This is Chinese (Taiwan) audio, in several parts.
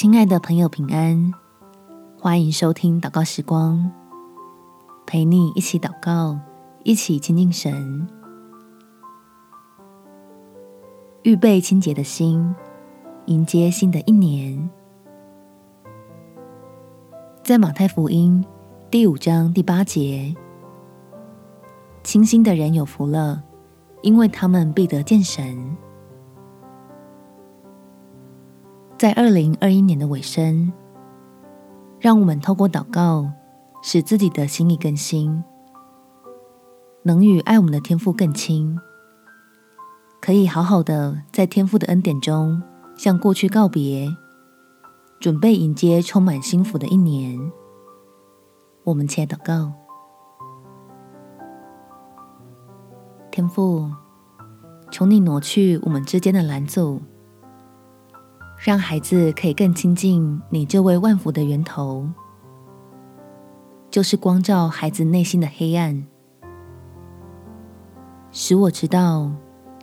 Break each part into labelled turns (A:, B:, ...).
A: 親愛的朋友，平安！歡迎收聽禱告時光，陪你一起禱告，一起親近神，預備清潔的心，迎接新的一年。在馬太福音第五章第八節，清心的人有福了，因為他們必得見神。在二零二一年的尾聲，讓我們透過禱告，使自己的心意更新，能與愛我們的天父更親，可以好好的在天父的恩典中向過去告別，準備迎接充滿幸福的一年。我們且禱告：天父，求你挪去我們之間的攔阻。讓孩子可以更親近你，這位萬福的源頭，就是光照孩子內心的黑暗，使我知道，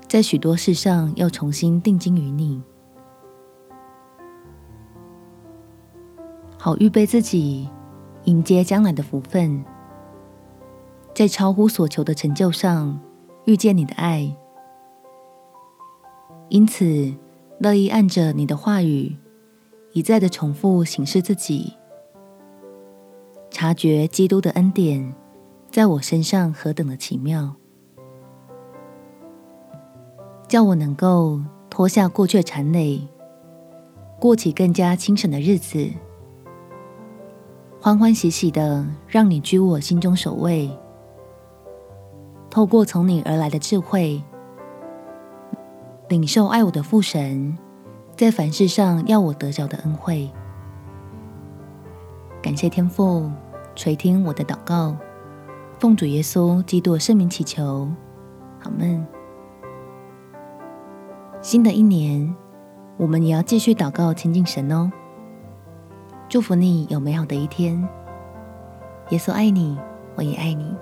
A: 在許多事上要重新定睛於你，好預備自己迎接將來的福分，在超乎所求的成就上遇見你的愛。因此。樂意按着你的話語，一再的重複省視自己，察覺基督的恩典在我身上何等的奇妙，叫我能夠脫下過去的纏累，過起更加輕省的日子，歡歡喜喜的讓你居我心中首位，透過從你而來的智慧。領受愛我的父神，在凡事上要我得着的恩惠，感謝天父，垂聽我的禱告，奉主耶穌基督聖名祈求，阿們。新的一年，我們也要繼續禱告親近神哦。祝福你有美好的一天。耶穌愛你，我也愛你。